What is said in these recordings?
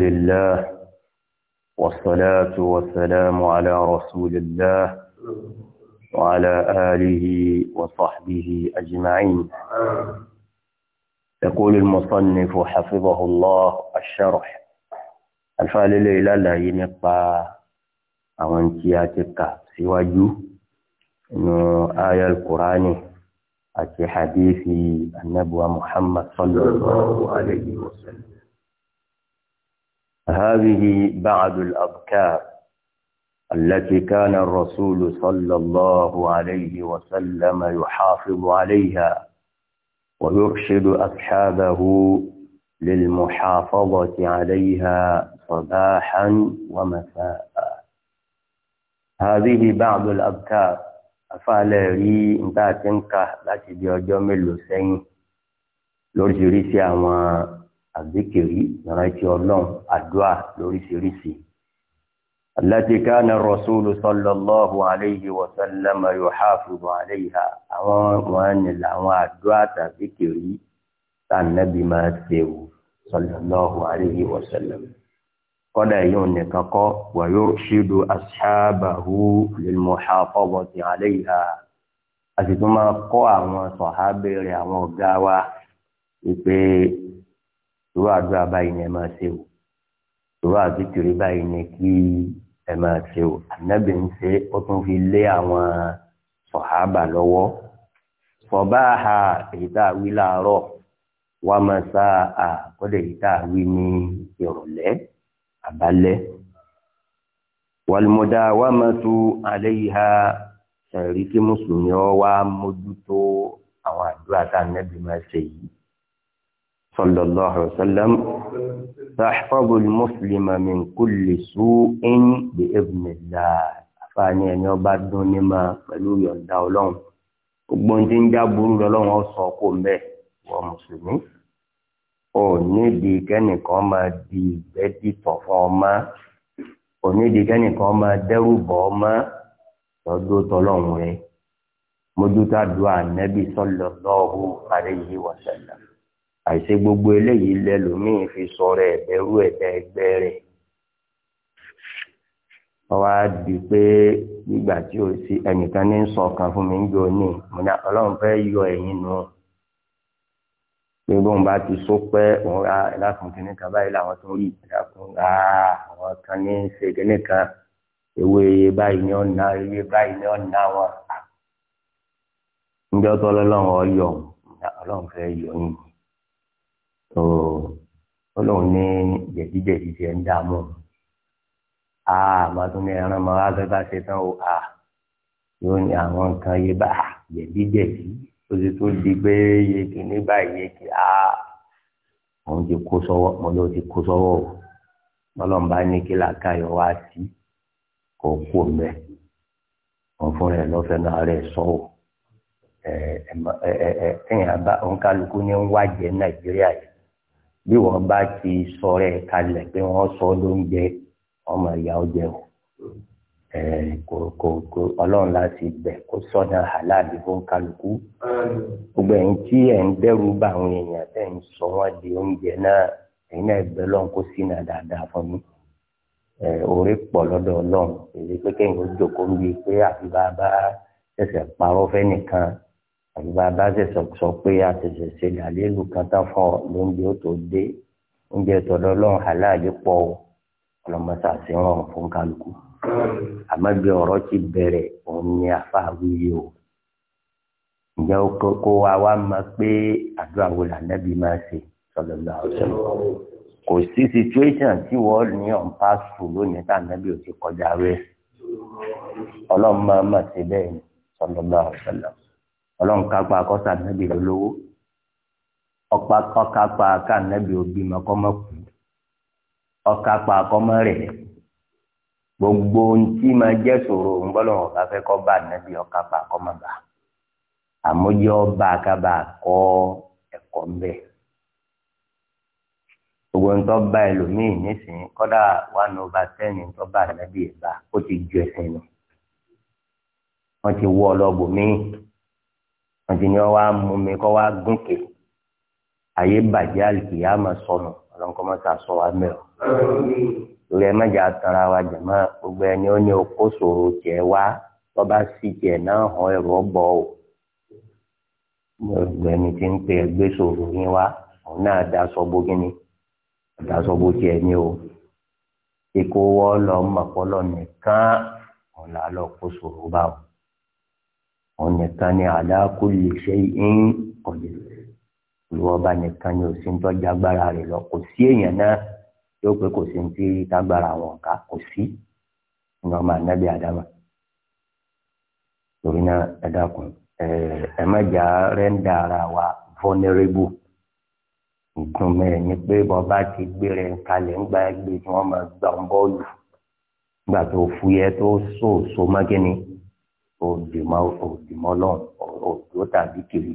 لله والصلاة والسلام على رسول الله وعلى آله وصحبه أجمعين يقول المصنف حفظه الله الشرح الفعل الليلة لا ينقى أو انتياتك سواجو إنه آية القرآن في حديث النبوة محمد صلى الله عليه وسلم هذه بعض الأذكار التي كان الرسول صلى الله عليه وسلم يحافظ عليها ويرشد أصحابه للمحافظة عليها صباحا ومساء هذه بعض الأذكار أفعل ري انتا تنكح لاتي ديوجو ملو سين لورجي ريسي àzikiri ìrántí ọlọ́run àdúrà lóríṣiríṣi. التي كان الرسول صلى الله عليه وسلم يحافظ عليها àwọn wọn ni làwọn àdúrà tàbíkiri tá máa ṣe wò صلى الله عليه وسلم kọ́dà yóò nìkan kọ́ wa yurshidu ashabahu lilmuhafazati alayha a sì tún máa kọ́ àwọn sọ̀hábẹ̀rẹ̀ àwọn ọ̀gá wa wípé ìró àdúrà báyìí ni ẹ máa ṣe o ìró àdúkìrí báyìí ni kí ẹ máa ṣe o ànábì ń ṣe ó tún fi lé àwọn sọ̀hábà lọ́wọ́ fọba ha èyí tá a wí láàárọ̀ wà máa sá a kọ́dẹ̀ èyí tá a wí ní ìrọ̀lẹ́ àbálẹ́ wàlùmọ̀dá wà máa tu alẹ́ yìí ha ṣàrí kí mùsùlùmí ọ wá mójútó àwọn àdúrà tá a máa ṣe yìí. صلى الله عليه وسلم تحفظ المسلم من كل سوء بإذن الله فاني ẹni ọba نما ní ma pẹ̀lú yọ̀ǹda ọlọ́run gbogbo ohun tí ń já burú lọ́lọ́run ọ̀sán kò ń bẹ̀ wọ mùsùlùmí ò nídìí kẹ́nìkan máa di ìgbẹ́ dìtọ̀ fún ọmọ ò nídìí kẹ́nìkan máa dẹ́rù bọ̀ ọmọ lọ́dún tọ́lọ́run rẹ̀ mójútó àdúrà nẹ́bí sallallahu alayhi wa àìsí gbogbo eléyìí lẹ́lòmíì fi sọ̀rọ̀ ẹ̀bẹ̀rú ẹ̀bẹ̀ ẹgbẹ́ rẹ̀ wọ́n á di pé nígbà tí o sí ẹnìkan ní sọ kan fún mi ń jọ ní mo ní ọlọ́run fẹ́ yọ ẹ̀yìn nù pé bóun bá ti sọ pé òun ra ẹ̀dákun kìíní kan báyìí làwọn tó rí ẹ̀dákun ra àwọn kan ní ṣe kìíní kan ewé iye báyìí ni ọ̀nà iye báyìí ni ọ̀nà wọn. ǹjọ́ tó lọ́lọ́run ọ yọ̀ ọ̀hún ọlọ́run fẹ́ yọ yín tó ọlọ́run ní jẹ̀díjẹ̀dí ti ẹ̀ ń dààmú a máa tún ní ẹran máa wá bẹ́ẹ̀ bá ṣe tán o a yóò ní àwọn nǹkan yé bá jẹ̀díjẹ̀dí ó ti tó di pé yé kì ní báyìí yé kì á òun ti kó sọ́wọ́ mo ló ti kó sọ́wọ́ o bọ́lọ́n bá ní kí làákàyọ̀ wá sí kò kó mẹ́ òun fún rẹ̀ lọ́fẹ̀ẹ́ náà rẹ̀ sọ́wọ́ ẹ̀ẹ́dẹ̀yìn àbá òun kálukú ní ń wájẹ Nàìjíríà yìí bí wọ́n bá ti sọ rẹ̀ kalẹ̀ pé wọ́n sọ lóúnjẹ ọmọ ìyá ọjẹ o kò kò ọlọ́run láti bẹ̀ kó sọ́nà aláàbí fún kálukú gbogbo ẹ̀yin tí ẹ̀ ń dẹ́rù bá àwọn èèyàn tẹ̀ ń sọ wọ́n di oúnjẹ náà ẹ̀yin náà ẹgbẹ́ lọ́n kó sínú dáadáa fún mi orí pọ̀ lọ́dọ̀ ọlọ́run èyí pé kéèyàn ó jókòó ń bi pé àfi bá bá ṣẹ̀ṣẹ̀ parọ́ fẹ́ nìkan àti bàbá ṣe sọ pé a ṣẹ̀ṣẹ̀ ṣe làlélù kan tán fún ọ lóúnjẹ ó tó dé oúnjẹ tọ̀dọ̀ ọlọ́run aláàjì pọ̀ ọ ọlọmọṣà sí ọrùn fún kálukú àmọ́ bí ọ̀rọ̀ ti bẹ̀rẹ̀ òun ni àfa wíyé o ǹjẹ́ kó wa wá máa pé àdúrà wo lànàbí máa ṣe sọlọ́lá ọ̀sẹ̀ kò sí situation tí wọ́n ní on pass through lónìí tá ànábì ò ti kọjá rẹ̀ ọlọ́run máa máa ṣe bẹ́ẹ̀ ni sọlọ́lá ọ̀sẹ̀ lọ́wọ́ ọlọ́run kápá akọ́sà nẹ́bí rẹ̀ lówó ọkápá aká nẹ́bí òbí mọ́ kọ́mọ́ kù ọkápá akọ́mọ́ rẹ̀ gbogbo ntí máa jẹ́ sòrò ń bọ́ lọ́wọ́ ọ̀gá fẹ́ kọ́ bá nẹ́bí ọkápá akọ́mọ́ bá àmójẹ́ ọba akábà kọ́ ẹ̀kọ́ ńbẹ́ gbogbo ntọ́ bá ẹlòmíì nísìnyí kọ́dà one over ten ntọ́ bá nẹ́bí ẹ̀ bá ó ti ju ẹ̀sìn nù wọ́n ti wọ́ ọ míì wọ́n ti ní wọ́n wá mú mi kọ́ wá gúnkè ayé bàjẹ́ àlìkìyà máa sọnù ọlọ́nkọ́ máa ta sọ wa mẹ́rọ. lórí mẹ́jà tanra wa jẹ̀mọ́ gbogbo ẹni ó ní okó ṣòro tiẹ̀ wá tọ́ba sí tiẹ̀ náà hàn ẹ̀rọ bọ̀ o. gbogbo ẹni tí ń pè é gbé ṣòro yín wá òun náà da sọ bó gíní da sọ bó tiẹ̀ ní o. kíkó wọ́ lọ mọ̀pọ́lọ́ nìkan ọ̀la lọ kó ṣòro báwọn òun nìkan ni ala kulli shay'in qadir olùwọ́ba nìkan ni òsín tọ́jú agbára rẹ̀ lọ kò sí èèyàn náà yóò pé kò sí ti tágbára àwọn ọ̀ka kò sí ní ọmọ ànábì àdámà torí náà ẹ dákun ẹ mẹ́jà rẹ́ńdà ara wa vulnerable ìgbìmọ̀ ẹ̀ ni pé bọ́ba ti gbére kalẹ̀ ńgbà ẹgbẹ́ tí wọ́n máa gbà bọ́ọ̀lù nígbà tó fúyẹ́ tó sòòso mọ́kínni òdìmọ́ òdìmọ́ lọ́n òdò tàbí kiri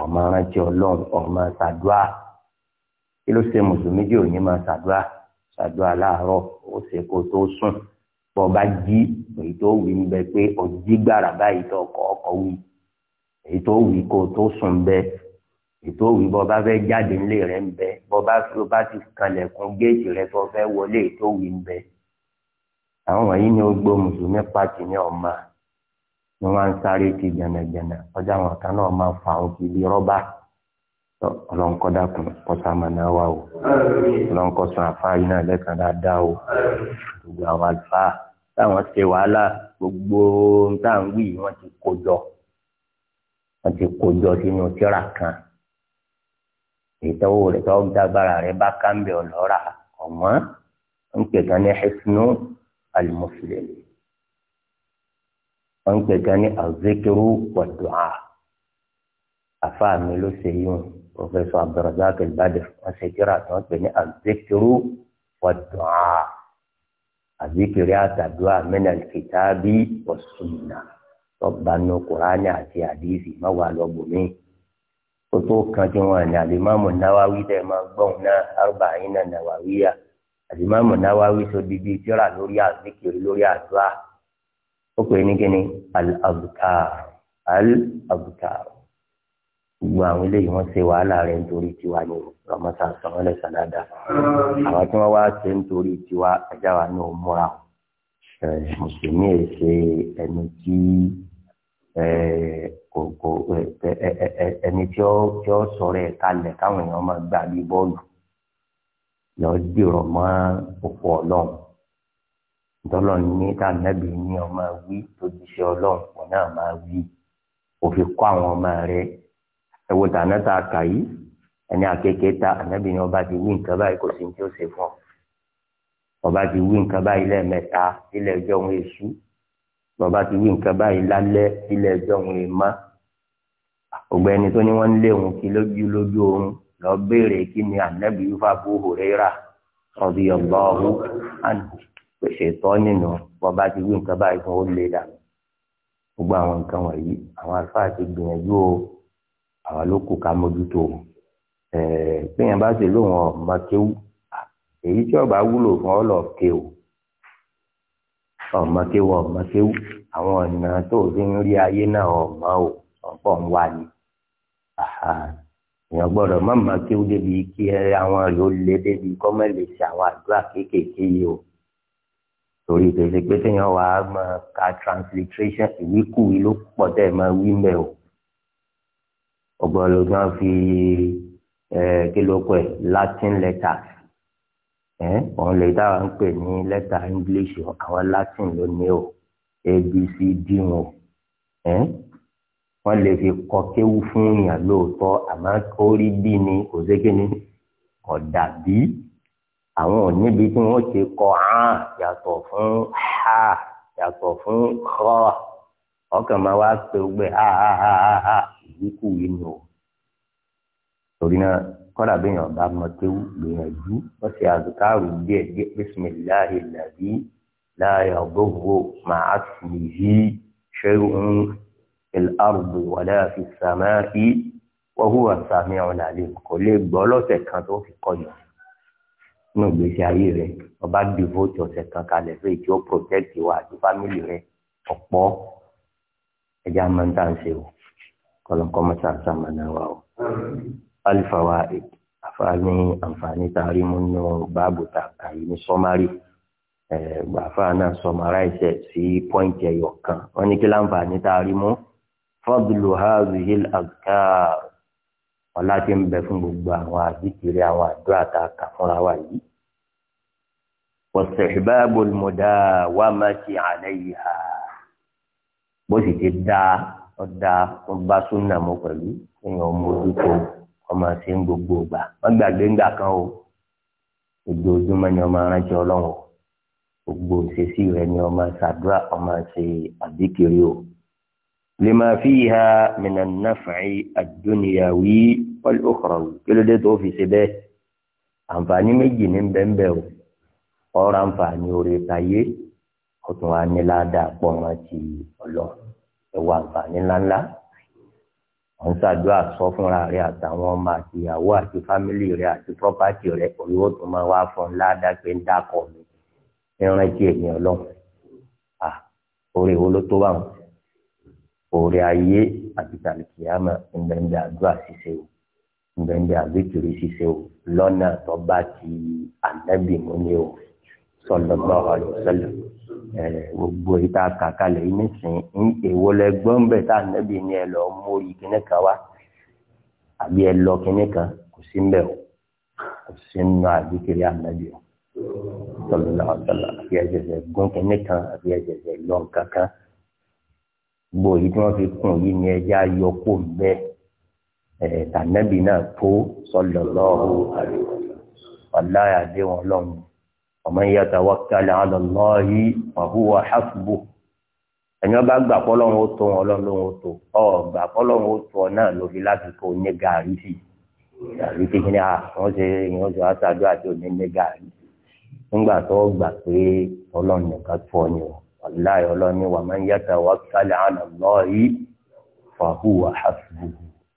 ọmọ rántí ọlọ́run ọmọ ṣàdúà kí ló ṣe mùsùlùmí jẹ́ òní máa ṣàdúà ṣàdúà láàárọ̀ ó ṣe kó tó sùn bọ́ bá jí èyí tó wí ń bẹ pé ọjí gbàrà báyìí tó ọkọ̀ ọkọ̀ wí èyí tó wí kó tó sùn bẹ èyí tó wí bọ́ bá fẹ́ jáde ńlé rẹ̀ ń bẹ bọ́ bá fi bá ti kanlẹ̀kùn géètì rẹ̀ tó fẹ́ wọlé èyí tó wí ń bẹ àwọn wọ̀nyí ni ó gbó mùsùlùmí pàtì ní ọmọ ni wọ́n ń sáré ti jẹnẹjẹnẹ ọjà àwọn kan náà máa fa òkè bíi rọ́bà ọlọ́nkọ́dá kun kọ́sàmánà wa o ọlọ́nkọ́sàn àfáàyè náà lẹ́kàn dáadáa o gbogbo àwọn àlùfáà táwọn ṣe wàhálà gbogbo táwọn wí wọ́n ti kó jọ wọ́n ti kó jọ sínú tírà kan ìtọ́wò rẹ̀ tọ́wọ́ dágbára rẹ̀ bá kámbẹ̀ ọ̀lọ́ra ọ̀mọ́ ń pè kan ní hisnu al-muslimin wọn gbẹ gan ní azekiru wàdùá afa mi ló ṣe yún professor abdulrasaq elbader wọn ṣe kíra tí wọn gbẹ ní azekiru wàdùá azikiri àtàdúrà mẹnà kìtàbí ọsùnà tọbanu kùránì àti àdìsí má wà lọbùnmí ó tó kan tí wọn ní alimami nawawi dẹ máa gbọ́n náà arba'ina nawawiya alimami nawawi sọ bíbí tíra lórí azikiri lórí àdúrà ó pè ní kíni al-abukar al-abukar gbogbo àwọn eléyìí wọ́n ṣe wàhálà rẹ̀ nítorí tiwa ní rọmọta sọmọlẹ sàdáda àwọn tí wọ́n wá ṣe nítorí tiwa ajá wa ní òmùra mùsùlùmí ẹ ṣe ẹni tí ẹni tí ó tí ẹ kalẹ̀ káwọn èèyàn máa gbà bí bọ́ọ̀lù lọ dìrọ̀ mọ́ òkú Ọlọ́run ntọ́lọ́ ní tànàbí ní ọmọ wí lójúṣe ọlọ́run pọ̀ náà máa wí òfin kọ́ àwọn ọmọ rẹ ẹ̀wọ̀ tànà tá kà yìí ẹni àkekèé ta ànábì ni ọba ti wí nǹkan báyìí kò sí ní tí ó ṣe fún ọ ọba ti wí nǹkan báyìí lẹ́ẹ̀mẹ́ta sílẹ̀ ẹjọ́ òun èṣù bàbá ti wí nǹkan báyìí lálẹ́ sílẹ̀ ẹjọ́ òun èèmá ọ̀gbẹ́ni tó ní wọ́n ń lé òun kí lójú lójú òun lọ béèrè kí ni ànábì yúfà bú hòrẹ́rà ọ̀bí ọ̀gbọ́n ọ̀hún àná pèsè ìtọ́ nínú wọn bá ti wí nǹkan báyìí fún ó lé dànù gbogbo àwọn nǹkan wọ̀nyí àwọn àlùfáà ti gbìyànjú o àwọn ló kù ká mójútó o péyàn bá ti lóun ọmọ kéwú èyí tí ọba wúlò fún ọ ké o ọmọ kéwú ọmọ kéwú àwọn ọ̀nà tó o fi ń rí ayé náà ọmọ o ọ̀pọ̀ ń wá ni èèyàn gbọ́dọ̀ má má kéwú débi kí àwọn rèé lé débi kọ́mẹ́lì sí àwọn àdúrà kéékèèké yìí o torí kèsì pé téèyàn wà á máa ka transliteration ìwíkúwí ló pọ̀ tẹ́ ẹ̀ máa wí mẹ́ o ọgbọ́n ló máa fi kí ló pẹ̀ Latin letters òun lè dára ń pè ní lẹ́tà English àwọn Latin ló ní o abcd wọn e, wọ́n lè fi kọ kéwú fún yàn lóòótọ́ àmọ́ orí bí ni kò sí kí ni kò àwọn ò níbi tí wọ́n ti kọ án yàtọ̀ fún ha yàtọ̀ fún kọ́ ọkàn máa wá pé gbẹ ha ha ha ha ha ìdíkù yìí ni o torí náà kọ́dà bí yàn bá mọ kéwú gbìyànjú wọ́n ṣe àzùkárù díẹ̀ díẹ̀ bísímìláhì làbí láàyè ọgọ́gbọ́ màá sì yí ṣẹ́yìn ìlárùbù wàlẹ́ àfi sàmáì wọ́n hùwà sàmì ọ̀nà àlè kò lè gbọ́ lọ́sẹ̀ kan tó fi kọ́ yàn nínú ìgbésí ayé rẹ ọba devote ọ̀sẹ̀ kan kalẹ̀ fún èyí ó protect wa àti family rẹ ọ̀pọ̀ ẹja máa ń tà ń ṣe o kọlọ̀kọ́ mọ́tà sàmánà wa o. alifawa e, àfààní àǹfààní taari mú nínú báàbù tààkà yìí ní sọmárì gbàfà náà sọmaráìsẹ sí pọ́ǹtì ẹ̀yọ̀ kan wọ́n ní kí láǹfààní taari mú fadlu hazihi al-azkar ọlá tí ń bẹ fún gbogbo àwọn àdìkiri àwọn àdúrà tá a kà fúnra wa yìí. wastihbabu al-mudawamati alayha bó sì ti dá ọ̀dà tó bá súnà mọ́ pẹ̀lú èèyàn mójútó ọmọ sí ń gbogbo ìgbà wọ́n gbàgbé ńgbà kan o ojoojúmọ́ ni ọmọ aránsẹ́ ọlọ́run gbogbo òṣèṣì rẹ ni ọmọ ṣàdúrà ọmọ ṣe àdìkiri o lima fiha minan naf'i ad-dunyawi wal ukhrawi kí ló dé tó fi ṣe bẹ́ẹ̀ àǹfààní méjì ní bẹ́ẹ̀nbẹ́ o ọ̀rọ̀ àǹfààní orí tayé ọ̀tún wa ní ládàá pọ̀ wọn ti ọlọ́ ẹ̀wọ̀ àǹfààní ńláńlá wọn ṣàdúrà sọ fúnra rẹ àtàwọn ọmọ àti ìyàwó àti fámìlì rẹ àti pọ́pátì rẹ olówó tó máa wá fún ládàá pé ń dákọ̀ mi ẹran tí ọlọ́run à orí orí ayé àti tàlìkìyàmà ńbẹ̀ǹdẹ̀ àdúrà ṣíṣe o ńbẹ̀ǹdẹ̀ àbíkiri ṣíṣe o lọ́nà tó bá ti ànábì mú ni o sallallahu alaihi wasallam gbogbo ìta kàkálẹ̀ yìí nísìn èwo lẹ gbọ́n bẹ̀ tá ànábì ni ẹ lọ mú orí kíní kan wá àbí ẹ lọ kíní kan kò sí ń bẹ̀ o kò sí ń nu àbíkiri ànábì o sallallahu alaihi wasallam àbí ẹ jẹjẹ gún kíní kan àbí ẹ jẹjẹ lọ nǹkan gbogbo èyí tí wọ́n fi kún yìí ni ẹja yọ kó mbẹ́ ẹ̀ tànẹ́bì náà tó sallallahu alaihi wallahi àdéhùn ọlọ́run ọmọ yẹn tawakkal ala Allahi wa huwa hasbuh ẹni ọba gbà kọlọ́run ó tó wọn ọlọ́run ó tó ọ gbà kọlọ́run ó tó ọ náà lórí láti kó ní gàrí sí gàrí sí kíni àwọn ah, ṣe ìyẹn oṣù àṣàdó àti òní ní gàrí nígbà tó gbà pé ọlọ́run nìkan tó ọ ni o láì ọlọ́ni wà man yatawakkal ala Allahi fa huwa hasbuhu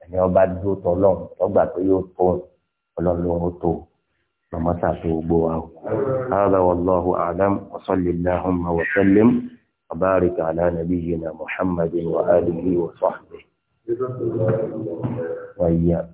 ẹni ọba dúró tọ́lọ́n tọ́gbà pé yóò tó ọlọ́run ó tó lọ́mọ́sà tó gbó wa o. hādhā wallāhu a'lam wa salli llāhumma wa sallim wa bārik 'alā nabiyyinā muhammadin wa ālihi wa sahbihi. wa